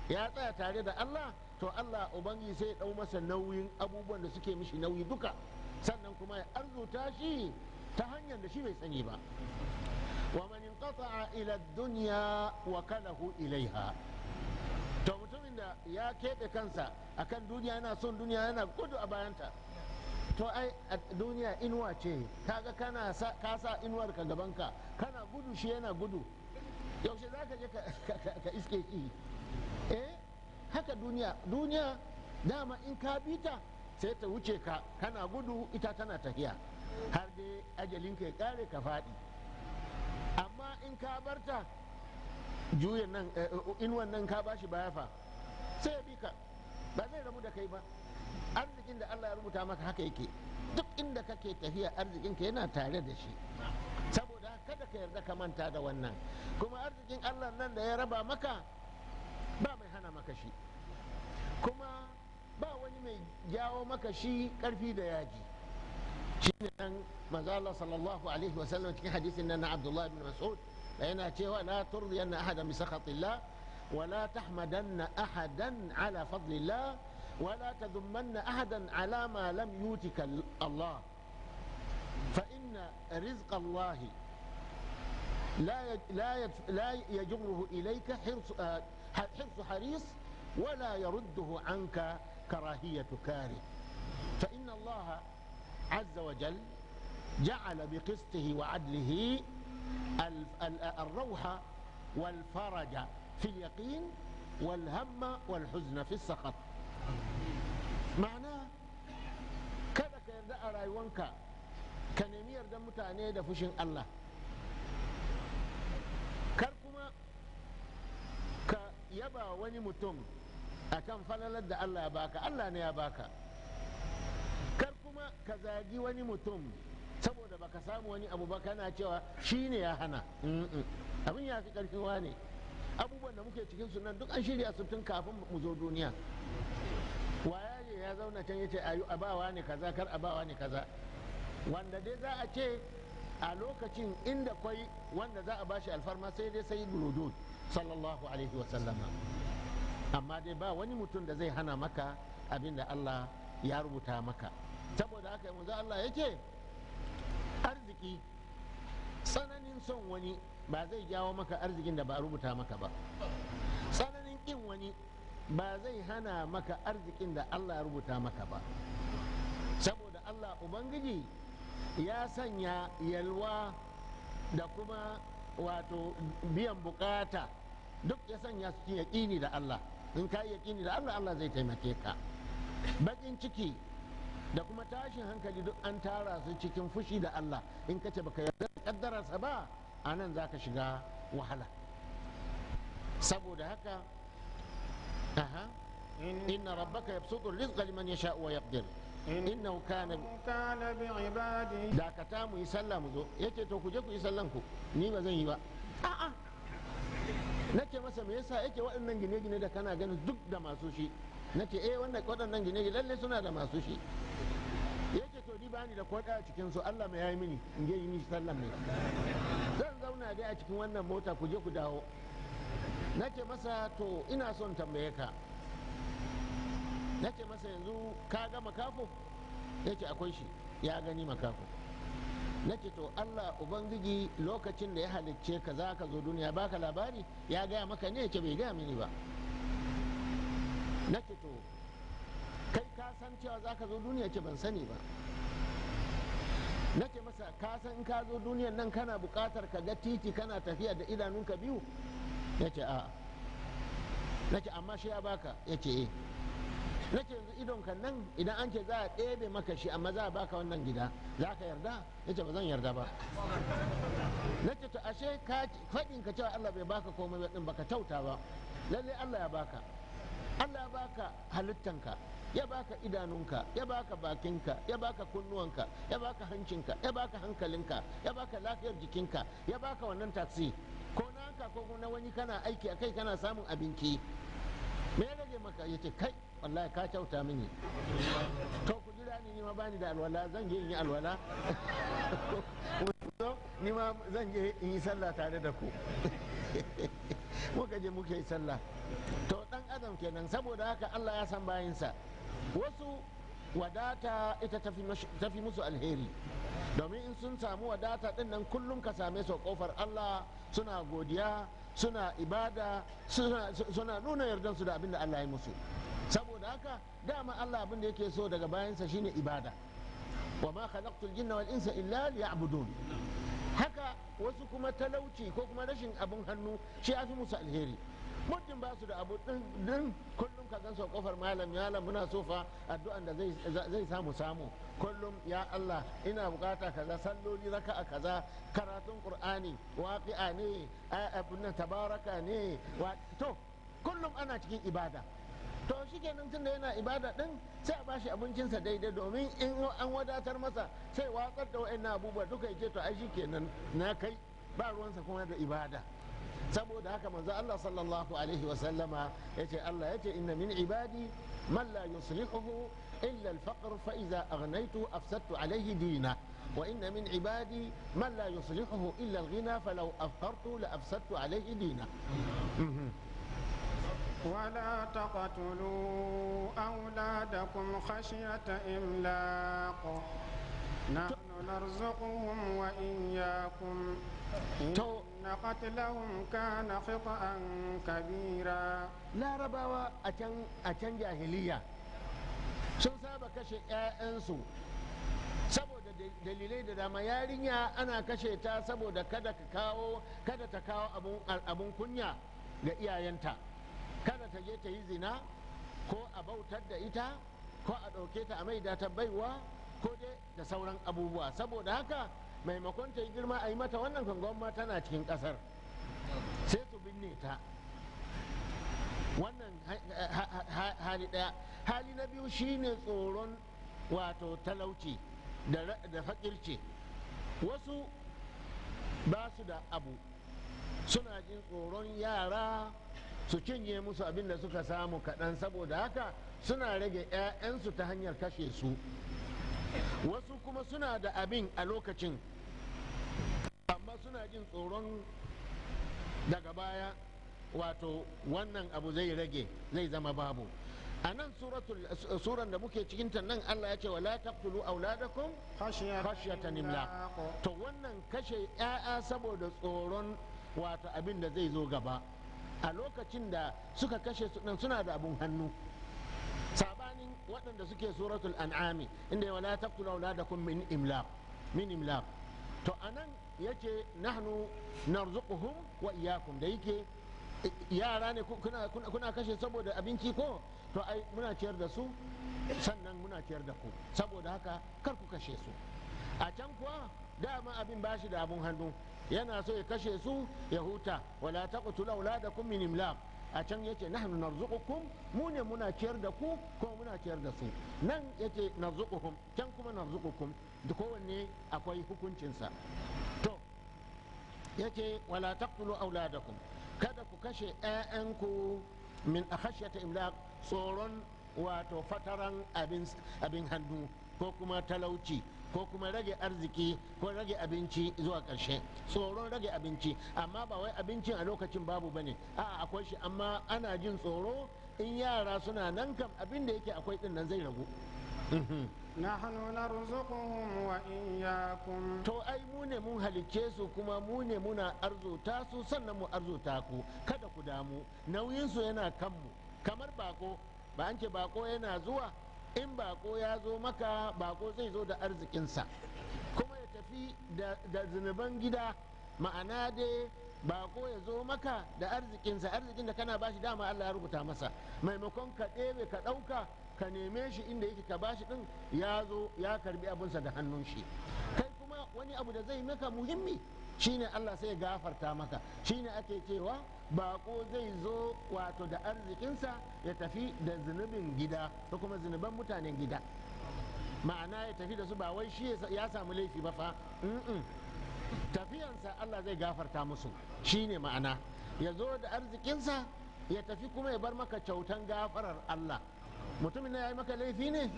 ya tsaya tare da Allah to Allah ubangi sai ya ɗau masa nauyin abubuwan da suke mishi nauyi duka sannan kuma ya arzuta shi ta hanyar da shi bai sani ba wa man inqata'a ila dunya wa kalahu ilaiha to mutumin da ya keɓe kansa akan duniya yana son duniya yana gudu a bayanta to ai a duniya inuwa ce kaga kana ka sa inuwar ka gabanka kana gudu shi yana gudu yaushe za ka je ka iske ki eh haka duniya duniya dama in ka bita sai ta wuce ka kana gudu ita tana tafiya har dai ka ya kare ka faɗi amma in ka barta juyan nan eh, inuwan nan ka bashi bayafa fa sai ya bi ka ba zai rabu da kai ba arzikin da Allah ya rubuta maka haka yake duk inda kake tafiya arzikin ka yana tare da shi saboda kada ka yarda ka manta da wannan kuma arzikin Allah nan da ya raba maka ba mai hana maka shi kuma ba wani mai jawo maka shi karfi da yaji shine dan nan mazala sallallahu alaihi wa sallam cikin hadisin nan na Abdullah bin mas'ud yana cewa la turdiyanna ahada bi sakhatillah ولا تحمدن أحدا على فضل الله ولا تذمن أحدا على ما لم يوتك الله فإن رزق الله لا لا لا يجره إليك حرص آه، حرص حريص ولا يرده عنك كراهية كاره فإن الله عز وجل جعل بقسطه وعدله الروح والفرج في اليقين والهم والحزن في السخط ma'ana kada ka yarda a rayuwanka ka nemi yarda mutane da fushin Allah kar kuma ka yaba wani mutum akan falalar da Allah ya baka Allah ne ya baka kar kuma ka zagi wani mutum saboda baka samu wani abu ba kana cewa shi ne ya hana abin ya fi karfin ne abubuwan da muke cikin sunan duk an shirya su tun kafin mu zo duniya ya zauna can yace a bawa ne kaza kar a bawa ne kaza wanda dai za a ce a lokacin inda kwai wanda za a bashi alfarma sai dai sai gurudud sallallahu alaihi wa sallama amma dai ba wani mutum da zai hana maka abin da Allah ya rubuta maka saboda haka yanzu Allah ya ce arziki tsananin son wani ba zai jawo maka arzikin da ba rubuta maka ba tsananin ƙin wani ba zai hana maka arzikin da Allah ya rubuta maka ba saboda Allah ubangiji ya sanya yalwa da kuma wato biyan bukata duk ya sanya su yaƙini da Allah in ka yaƙini da Allah Allah zai taimake ka Baƙin ciki da kuma tashin hankali duk an tara su cikin fushi da Allah in ka ce baka yarda da kaddararsa ba a nan za ka shiga wahala saboda haka أها إن ربك يبسط الرزق لمن يشاء ويقدر إنه كان كان بعباده لا كتام يسلم ذو يتي تو كuje ku yi sallan ku ni ba zan yi ba a'a nake masa me yasa yake waɗannan gine-gine da kana ganin duk da masu shi nake eh wannan waɗannan gine-gine yake to ni bani da kwada a cikin su Allah mai yayi mini in je yi ni sallan ne zan zauna dai a cikin wannan mota ku je ku dawo nake masa to ina son tambaye ka nake masa yanzu ka ga makafo yake akwai shi ya gani makafo nake to allah ubangiji lokacin da ya halicce ka za ka zo duniya baka labari ya gaya maka ne yake bai gaya mini ba nake to kai ka san cewa za ka zo duniya ce ban sani ba nake masa ka san in ka zo duniyan nan kana bukatar ka ga titi kana tafiya da idanunka biyu ya ce a na amma shi ya baka ya ce eh na ce yanzu idonka nan idan an ce za a ɗebe maka shi amma za a baka wannan gida za ka yarda ya ce ba zan yarda ba na ce to ashe faɗin ka cewa Allah bai baka komai ɗin baka tauta ba lallai Allah ya baka Allah ya baka halittanka ya baka idanunka ya baka bakinka ya baka kunnuwanka ya baka hancinka ya baka hankalinka ya baka lafiyar jikinka ya baka wannan taksi naka ko na wani kana aiki a kai kana samun abinci me ya rage maka ya ce kai wallahi ka kyauta mini to ku jira ni ma bani da alwala zan je in yi alwala ni ma zan je in yi sallah tare da ku muka je muke sallah to dan adam kenan saboda haka Allah ya san bayinsa wasu wadata ita ta fi musu alheri domin in sun samu wadata din nan kullum ka same su kofar Allah suna godiya suna ibada suna nuna yardansu da abin da Allah ya musu saboda haka dama Allah abin da yake so daga bayansa shine ibada wa ma khalaqtul jinna wal insa illa liya'budun haka wasu kuma talauci ko kuma rashin abin hannu shi fi musu alheri muddin ba su da abu din kullum ka gan su kofar malam ya muna so fa addu'an da zai samu samu kullum ya Allah ina bukata kaza salloli raka a kaza karatun kur'ani waqi'a ne abin tabaraka ne to kullum ana cikin ibada to shi kenan tun da yana ibada din sai a bashi abincinsa daidai domin in an wadatar masa sai watsar da wa'annan abubuwa duka yake to ai shi kenan na kai ba ruwansa kuma da ibada saboda haka manzo Allah sallallahu alaihi wa sallama yace Allah yace inna min ibadi man la yuslihuhu illa al-faqr fa idza aghnaytu afsadtu alaihi dina wa inna min ibadi man la yuslihuhu illa al-ghina falau afqartu la afsadtu alaihi dina ولا تقتلوا أولادكم خشية إملاق نحن نرزقهم وإياكم to إن قتلهم كان خطأ كبيرا لا ربوا أتن أتن جاهلية sun saba kashe 'ya'yansu saboda dalilai da dama yarinya ana kashe ta saboda kada ka kawo kada ta kawo abun kunya ga iyayenta kada ta je ta yi zina ko a bautar da ita ko a ɗauke ta a maida ta baiwa ko dai da sauran abubuwa saboda haka maimakon ta yi girma a yi mata wannan kangon ma tana cikin kasar sai su binne ta wannan hali daya hali na biyu shine tsoron wato talauci da fakirci wasu ba su da abu suna jin tsoron yara su cinye musu abin da suka samu kaɗan saboda haka suna rage 'ya'yansu ta hanyar kashe su wasu kuma suna da abin a lokacin amma suna jin tsoron daga baya wato wannan abu zai rage zai zama babu a nan suran da muke cikin ta nan Allah ya ce wala taqtulu auladakum khashyata nimla to wannan kashe 'ya'ya saboda tsoron wato abin da zai zo gaba a lokacin da suka kashe su suna da abun hannu waɗanda suke suratul an'ami inda wala taqtulu auladakum min imlaq min imlaq to anan yace nahnu narzuquhum wa iyyakum da yake yara ne kuna kuna kashe saboda abinci ko to ai muna ciyar da su sannan muna ciyar da ku saboda haka kar ku kashe su a can kuwa dama abin bashi da abun hannu yana so ya kashe su ya huta wala taqtulu auladakum min imlaq a can yace nahnu narzuqukum mu ne muna ciyar da ku ko muna ciyar da su nan yace narzuqukum can kuma narzuqukum da kowanne akwai hukuncinsa to yace wala taqtulu auladakum kada ku kashe 'ya'yanku min ta imlaq tsoron wato fataran abin hannu ko kuma talauci ko kuma rage arziki ko rage abinci zuwa ƙarshe tsoron rage abinci amma ba wai abincin a lokacin babu bane a'a akwai shi amma ana jin tsoro in yara suna nan kam abin da yake akwai din nan zai ragu mhm. nahnu narzuquhum wa iyyakum to ai mu ne mun halicce su kuma mu ne muna arzuta su sannan mu arzuta ku kada ku damu nauyin su yana kanmu kamar bako ba an ce bako yana zuwa in bako ya zo maka bako zai zo da arzikinsa kuma ya tafi da zunuban gida ma'ana dai bako ya zo maka da arzikinsa arzikin da kana bashi dama Allah ya rubuta masa maimakon ka ɗebe ka ɗauka ka neme shi inda yake ka bashi ɗin ya zo ya karbi abinsa da hannun shi kai kuma wani abu da zai maka muhimmi shine Allah sai gafarta maka shine ake cewa bako zai zo wato da arzikinsa ya tafi da zunubin gida ko kuma zunuban mutanen gida ma'ana ya tafi da su ba wai shi ya samu laifi ba fa tafiyansa Allah zai gafarta musu shine ma'ana ya zo da arzikinsa ya tafi kuma ya bar maka kyautan gafarar Allah mutumin na ya yi maka laifi ne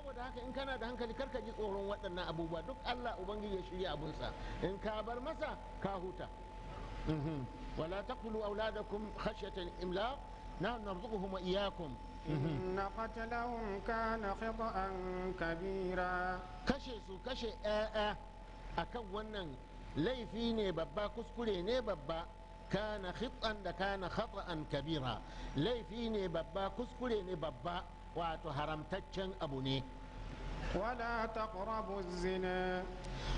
saboda haka in kana da hankali karka ji tsoron waɗannan abubuwa duk Allah ubangiji ya shirya abunsa in ka bar masa ka huta mhm. wala taqulu auladakum khashyatan imlaq nahnu narzuquhum wa iyyakum إن قتلهم كان خطأ Kabira. kashe su kashe آآ akan wannan laifi ne babba kuskure ne babba kana khit'an da kana khata'an kabira laifi ne babba kuskure ne babba wato haramtaccen abu ne wala taqrabu zina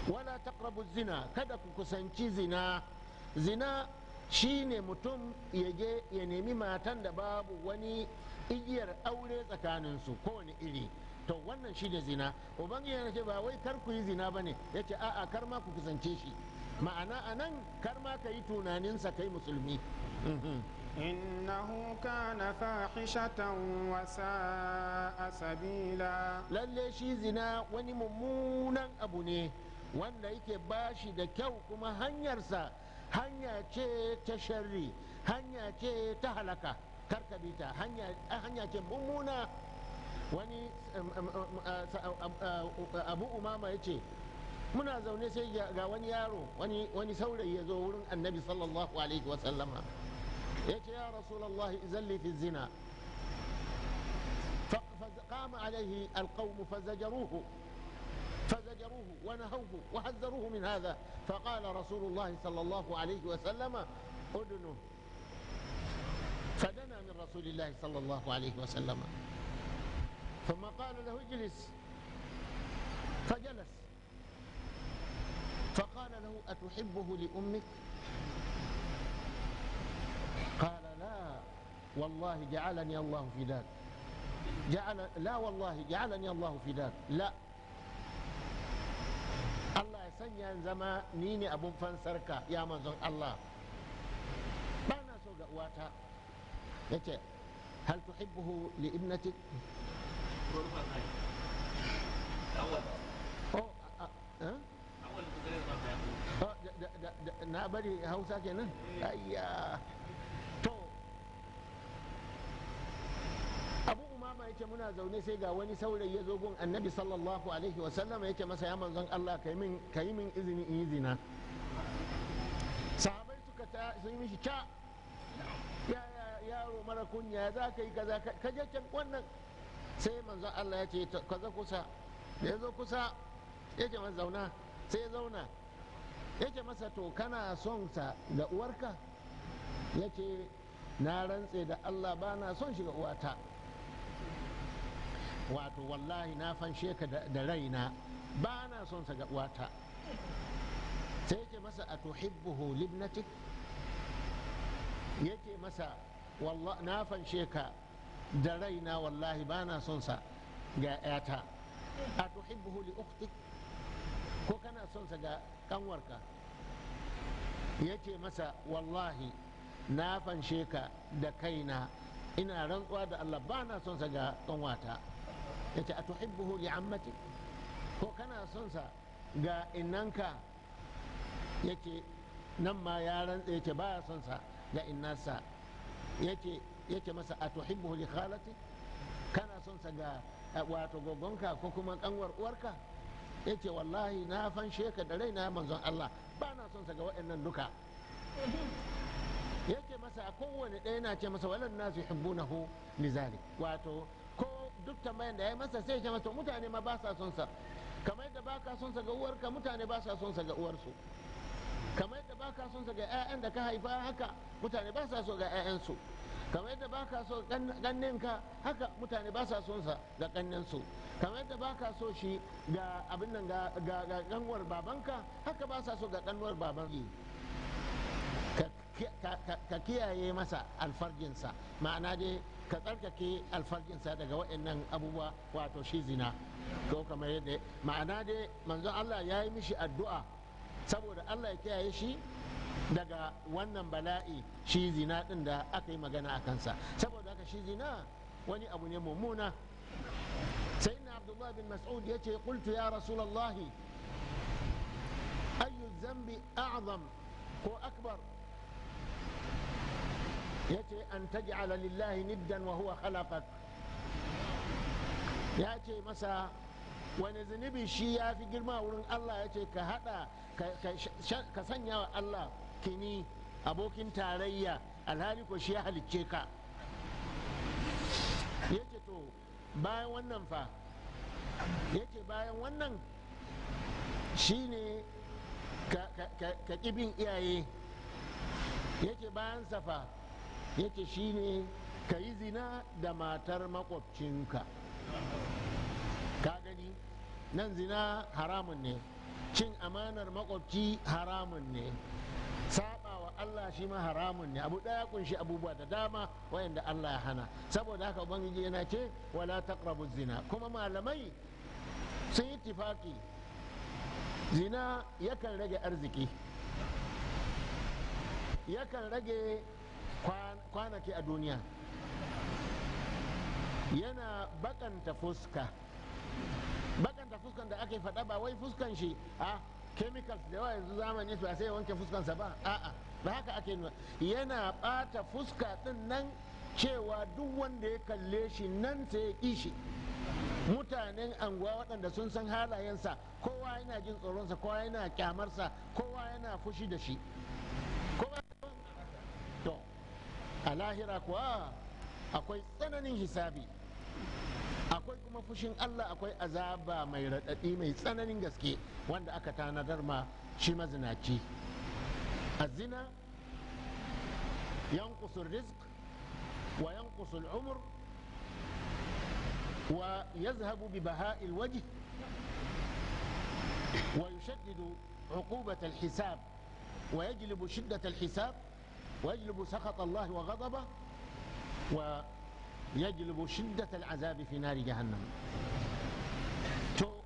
wala taqrabu zina kada ku kusanci zina zina shine mutum ya je ya nemi matan da babu wani igiyar aure tsakaninsu kowane iri to wannan shine zina ubangiji yana ce ba wai kar ku yi zina bane yace a'a kar ma ku kusance shi ma'ana anan kar ma ka yi tunaninsa kai musulmi mhm. إنه كان فاحشة وساء سبيلا للي شي زنا وني ممونا أبو ne wanda yake bashi da kyau kuma hanyarsa تشري ce ta sharri hanya ce ta halaka karkabi ta hanya ce mummuna muna zaune sai ga wani yaro wani saurayi ya zo wurin annabi sallallahu alaihi wasallama ايش يا رسول الله لي في الزنا فقام عليه القوم فزجروه فزجروه ونهوه وحذروه من هذا فقال رسول الله صلى الله عليه وسلم ادنه فدنا من رسول الله صلى الله عليه وسلم ثم قال له اجلس فجلس فقال له أتحبه لأمك قال لا والله جعلني الله في ذلك جعل لا والله جعلني الله في ذلك لا الله سنيا زما نيني ابو فان سركا يا من الله ما سوغا واتا يتي هل تحبه لابنتك اول اول أول أول أول أول بري هاوسا كينا اياه yake muna zaune sai ga wani saurayi ya zo gun annabi sallallahu alaihi wasallam yake masa ya manzon Allah ka yi min izini in yi zina sahabai suka ta sun mishi ca yaro mara kunya za ka yi kaza ka je can wannan sai manzon Allah ya ce kaza kusa da ya zo kusa yake masa zauna sai ya zauna yake masa to kana son sa ga uwarka yake na rantse da Allah ba na son shi ga uwata wato wallahi na fanshe ka da raina ba na son sa ga uwata sai yake masa a tuhibbuhu libnatik yake masa na fanshe ka da raina wallahi ba na son sa ga yata a tuhibbuhu li uktik ko kana son sa ga kanwarka yake masa wallahi na fanshe ka da kaina ina rantsuwa da Allah ba na son sa ga kanwata ya ce a tuhibbuhu li ammatik ko kana son sa ga innanka ya nan ma ya rantsa ya ce baya son sa ga innansa ya ce masa a tuhibbuhu li khalati kana son sa ga wato gogonka ko kuma kanwar uwarka ya ce wallahi na fanshe ka da raina manzon Allah ba na son sa ga waɗannan duka yake masa a kowane ɗaya na ce masa walan nasu yuhibbunahu li zalik wato duk tambayan da ya yi masa sai ya masa mutane ma ba sa son sa kamar yadda ba ka son sa ga uwarka mutane ba sa son sa ga uwarsu kamar yadda ba ka son sa ga 'ya'yan da ka haifa haka mutane ba sa so ga 'ya'yansu kamar yadda ba ka so ka haka mutane ba sa son sa ga su kamar yadda ba ka so shi ga abin nan ga ƙanwar babanka haka ba sa so ga ƙanwar babanki ka kiyaye masa alfarjinsa ma'ana dai ka tsarkake alfarjinsa daga waɗannan abubuwa wato shi zina to kamar yadda ma'ana dai manzon Allah ya yi mishi addu'a saboda Allah ya kiyaye shi daga wannan bala'i shi zina ɗin da aka yi magana a kansa saboda haka shi zina wani abu ne mummuna sai na abdullah bin mas'ud ya ce qultu ya rasulallahi ayyu zambi a'zam ko akbar yace an taj'ala lillahi niddan wa huwa khalaqak ya ce masa wani zunubi shi ya fi girma wurin Allah ya ce ka hada ka sanya wa Allah kini abokin tarayya alhali ko shi ya halicce ka ya ce to bayan wannan fa ya ce bayan wannan shi ne ka ƙibin iyaye ya ce bayan safa yace ne ka yi zina da matar makwabcinka ka gani nan zina haramun ne cin amanar makwabci haramun ne saba wa Allah shi ma haramun ne abu daya kunshi abubuwa da dama wayanda Allah ya hana saboda haka ubangiji yana ce wala taqrabu zina kuma malamai sun yi tifaki zina yakan rage arziki yakan rage kwanaki a duniya yana bakanta fuska bakanta fuskan da ake faɗa ba wai fuskan shi a chemicals da yawa yanzu zamani ba sai wanke fuskansa ba a'a ba haka ake nuna yana ɓata fuska ɗin nan cewa duk wanda ya kalle shi nan sai ya ki shi mutanen anguwa waɗanda sun san halayensa kowa yana jin tsoronsa kowa yana kyamarsa kowa yana fushi da shi alahira kuwa akwai tsananin hisabi akwai kuma fushin allah akwai azaba mai raɗaɗi mai tsananin gaske wanda aka tanadar ma shi mazinaci azina wa ينقص الرزق وينقص العمر ويذهب ببهاء الوجه ويشدد عقوبة الحساب ويجلب شدة الحساب ويجلب سخط الله وغضبه ويجلب شدة العذاب في نار جهنم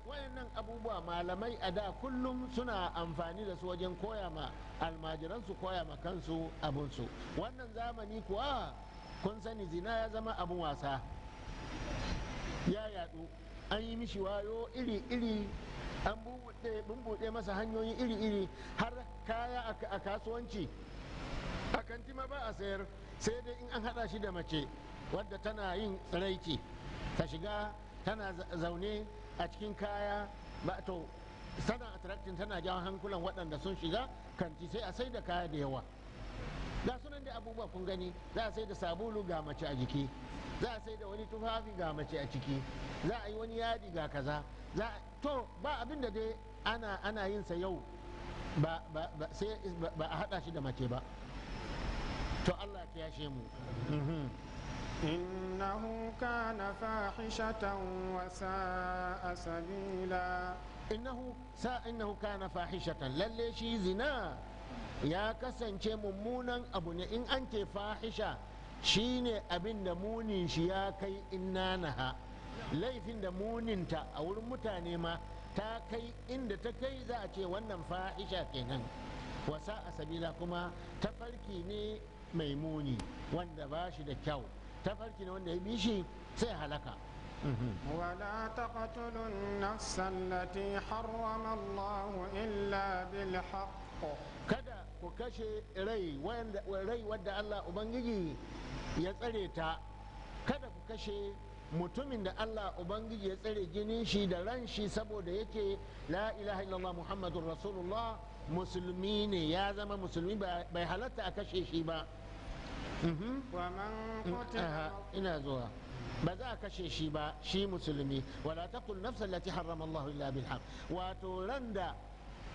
wayannan abubuwa malamai a da kullum suna amfani da su wajen koya ma su koya ma kansu abinsu wannan zamani kuwa kun sani zina ya zama abin wasa ya yadu an yi mishi wayo iri-iri an bumbuɗe masa hanyoyi iri-iri har kaya a kasuwanci a kanti ma ba a sayar sai dai in an hada shi da mace wadda tana yin tsiraici ta shiga tana zaune a cikin kaya ba to tana attraction tana jawo hankulan waɗanda sun shiga kanti sai a sai da kaya da yawa ga sunan da abubuwa kun gani za a sai da sabulu ga mace a jiki za a sai da wani tufafi ga mace a ciki za a yi wani yadi ga kaza to ba abin da dai ana ana yin sa yau ba a hada shi da mace ba to Allah ya yashe mu إنه كان sabila. وساء سبيلا إنه سا إنه lalle shi zina ya kasance mummunan abu ne, in an ke fahisha shine abin da munin shi ya kai innanaha naha laifin da muninta a wurin mutane ma ta kai inda ta kai za a ce wannan fahisha kenan wasa a sabila kuma tafarki ne mai muni wanda ba shi da kyau tafarki ne wanda ya bi shi sai halaka ولا تقتلوا النفس التي حرم الله إلا بالحق kada ku kashe rai wadda Allah ya tsare ta kada ku kashe mutumin da Allah Ubangiji ya tsare jinin shi da ran shi saboda yake la ilaha illallah Muhammadun Rasulullah musulmi ne ya zama musulmi bai halatta a kashe shi ba mhm. mm, ina zuwa ba za a kashe shi ba shi musulmi wala taqul nafsa allati harrama Allah illa bil haqq wato randa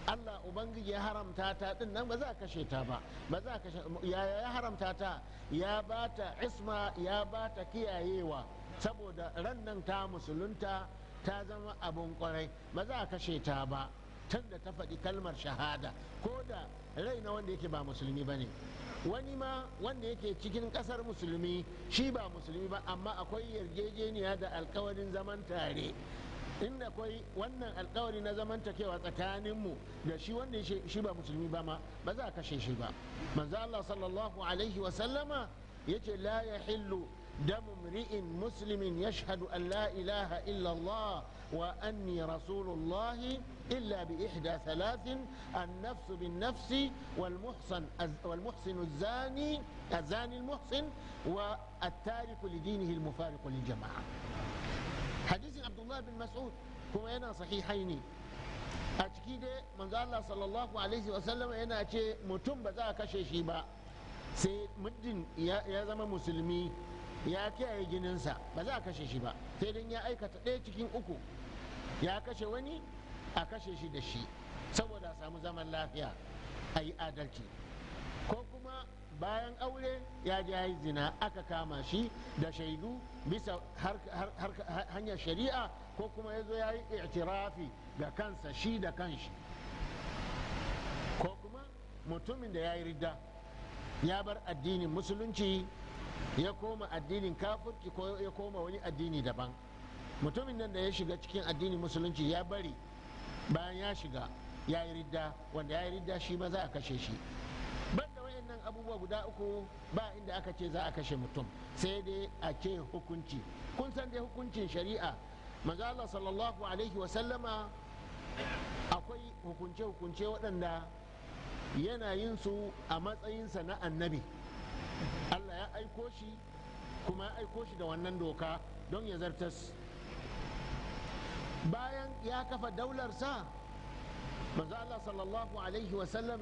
Allah ubangiji ya haramta ta din nan ba za a kashe ta ba ba za a kashe ya ya haramta ta ya ba ta isma ya ba ta kiyayewa saboda ran nan ta musulunta ta zama abun kwarai ba za a kashe ta ba matar da ta faɗi kalmar shahada ko da rai na wanda yake ba musulmi ba ne wani ma wanda yake cikin ƙasar musulmi shi ba musulmi ba amma akwai yarjejeniya da alkawarin zaman tare inda akwai wannan alkawari na zamantakewa tsakaninmu da shi wanda shi ba musulmi ba ma ba za a kashe shi ba manzo Allah sallallahu alaihi wa sallama yace la yahillu دم امرئ مسلم يشهد أن لا إله إلا الله وأني رسول الله إلا بإحدى ثلاث النفس بالنفس والمحسن, والمحسن الزاني الزاني المحسن والتارك لدينه المفارق للجماعة حديث عبد الله بن مسعود كما أنا صحيحين أتكيد من قال الله صلى الله عليه وسلم أنا أشي متم بذاك شيبا سيد مدن يا زما مسلمي ya kiyaye jininsa ba za a kashe shi ba sai dan ya aikata ɗaya cikin uku ya kashe wani a kashe shi da shi saboda a samu zaman lafiya a yi adalci ko kuma bayan aure ya ji ya zina aka kama shi da shaidu bisa hanyar shari'a ko kuma ya zo ya yi itirafi ga kansa shi da kanshi ko kuma mutumin da ya yi ridda ya bar addinin musulunci ya koma addinin kafirci ko ya koma wani addini daban mutumin nan da ya shiga cikin addinin musulunci ya bari bayan ya shiga ya yi ridda wanda ya yi ridda shi ma za a kashe shi banda wayannan abubuwa guda uku ba inda aka ce za a kashe mutum sai dai a ce hukunci kun san dai hukuncin shari'a manzo Allah sallallahu alaihi wa sallama akwai hukunce hukunce waɗanda yana yin su a matsayinsa na annabi allah ya aiko shi kuma ya aiko shi da wannan doka don ya zartas bayan ya kafa daularsa manzo allah sallallahu alaihi wasallam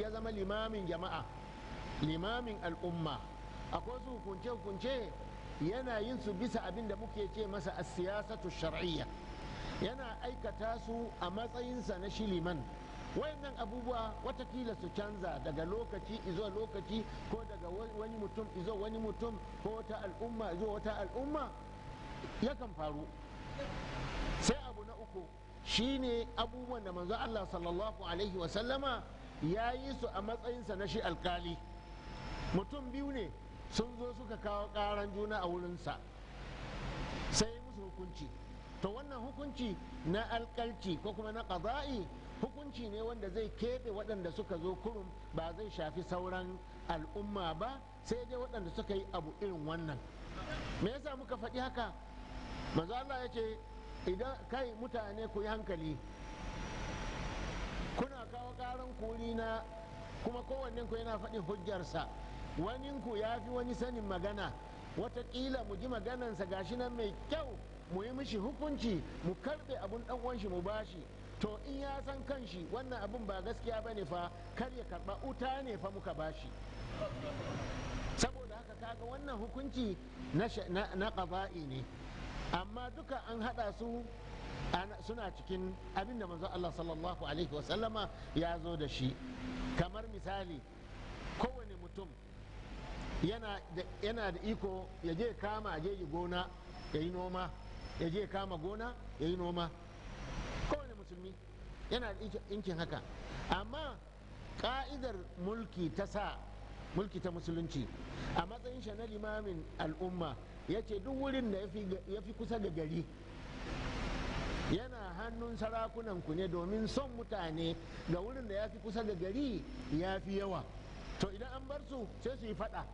ya zama limamin jama'a limamin al'umma akwai su hukunce-hukunce yana yin su bisa abin da muke ce masa a siyasatu shar'iyya yana aikata su a matsayinsa na shiliman liman wayannan abubuwa watakila su canza daga lokaci izo lokaci ko daga wani mutum izo wani mutum ko wata al'umma izo wata al'umma yakan faru sai abu na uku shine abubuwan da manzo Allah sallallahu alaihi wasallama ya yi su a matsayinsa na shi alkali mutum biyu ne sun zo suka kawo karan juna a wurinsa sai musu hukunci to wannan hukunci na alkalci ko kuma na ƙaza'i hukunci ne wanda zai keɓe waɗanda suka zo kurum ba zai shafi sauran al'umma ba sai dai waɗanda suka yi abu irin wannan me yasa muka faɗi haka manzo Allah ya ce idan kai mutane ku yi hankali kuna kawo ƙaran kuri na kuma kowannen ku yana faɗin hujjarsa waninku ya fi wani sanin magana wataƙila mu ji maganansa gashi nan mai kyau mu yi mishi hukunci mu karɓe abun ɗan uwan shi mu bashi to in ya san kan shi wannan abin ba gaskiya ba ne fa kar ya karba uta ne fa muka bashi saboda haka kaga wannan hukunci na ƙaba'i ne amma duka an hada su suna cikin abinda manzo Allah sallallahu alaihi wasallama ya zo da shi kamar misali kowane mutum yana da iko ya je kama ya je gona ya yi noma ya je kama gona ya yi noma yana da haka amma ka'idar mulki ta sa mulki ta musulunci a matsayin shi na limamin al'umma ya ce duk wurin da ya fi kusa ga gari yana hannun sarakunan ku ne domin son mutane ga wurin da ya fi kusa ga gari ya fi yawa to idan an bar su sai su yi fada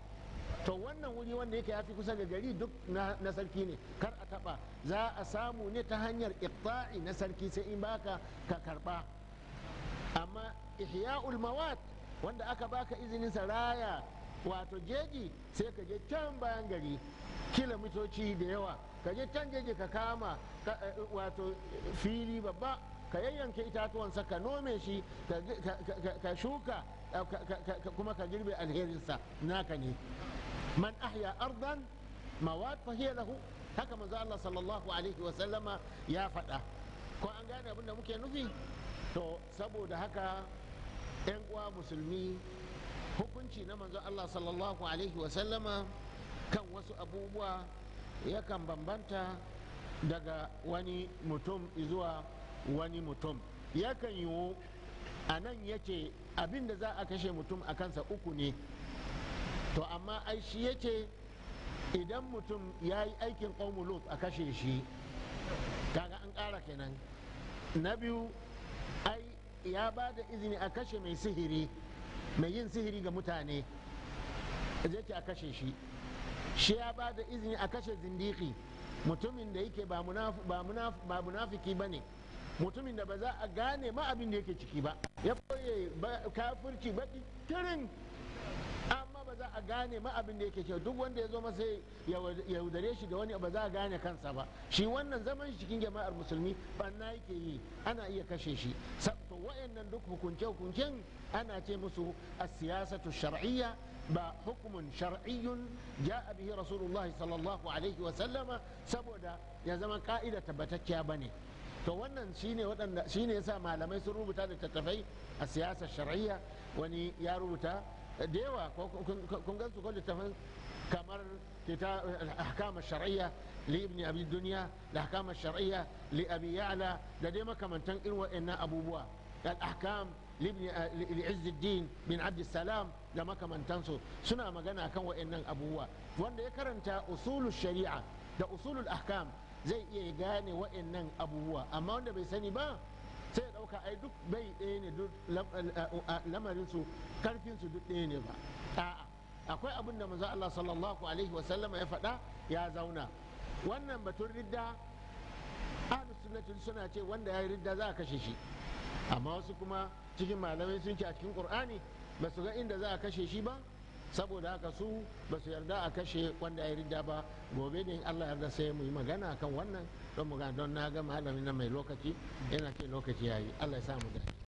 to wannan wuri wanda yake yafi kusa ga gari duk na sarki ne kar a taba za a samu ne ta hanyar iqta'i na sarki sai in baka ka karba amma ihya'ul mawat wanda aka baka izinin saraya wato jeji sai ka je can bayan gari kilomitoci da yawa ka je can jeji ka kama wato fili babba ka yayyanke itatuwansa ka nome shi ka shuka kuma ka girbe alherinsa naka ne man ahya ardan mawat fahiya haka manzo Allah sallallahu alaihi wa sallama ya faɗa ko an gane abin da muke nufi to saboda haka yan uwa musulmi hukunci na manzo Allah sallallahu alaihi wa sallama kan wasu abubuwa yakan bambanta daga wani mutum zuwa wani mutum yakan yiwu a nan yake abin da za a kashe mutum a kansa uku ne to amma ai shi ya ce idan mutum ya yi aikin ƙaumulut a kashe shi kaga an ƙara kenan na biyu ai ya ba da izini a kashe mai sihiri mai yin sihiri ga mutane zai ce a kashe shi shi ya ba da izini a kashe zindiki mutumin da yake ba munafiki ba ne mutumin da ba za a gane ma abin da yake ciki ba ya koye kafirci baki kirin. za a gane ma abin da yake kyau duk wanda ya zo masa ya yaudare shi da wani ba za a gane kansa ba shi wannan zaman shi cikin jama'ar musulmi banna yake yi ana iya kashe shi to wayannan duk hukunce hukuncen ana ce musu as-siyasatu shar'iyya ba hukumun shar'iyyun ja'a bihi rasulullahi sallallahu alaihi wa sallama saboda ya zama ka'ida tabbatacciya bane to wannan shine waɗanda shine yasa malamai sun rubuta littattafai a siyasar shar'iyya wani ya rubuta da yawa kun gansu ko littafin kamar ahkama shar'iyya li ibn abi dunya da ahkama shar'iyya li abi ya'la da dai makamantan irin waɗannan abubuwa al-ahkam li'izzuddin bin abdussalam da makamantansu suna magana kan waɗannan abubuwa wanda ya karanta usulul shari'a da usulul ahkam zai iya gane waɗannan abubuwa amma wanda bai sani ba sai dauka ai duk bai ɗaya ne duk eh, eh, uh, uh, lamarin su karfin su duk ɗaya ne ba a'a akwai abin da manzo Allah sallallahu alaihi wasallama ya faɗa ya zauna wannan batun ridda ahlus sunnati suna ce wanda ya ridda za a kashe shi amma wasu kuma cikin malamai sun ce a cikin qur'ani ba su ga inda za a kashe shi ba saboda haka su ba su yarda a kashe wanda ya ridda ba gobe ne in Allah yarda sai mu yi magana kan wannan don mu don na ga malami na mai lokaci mm. yana ce lokaci yayi Allah ya sa mu dace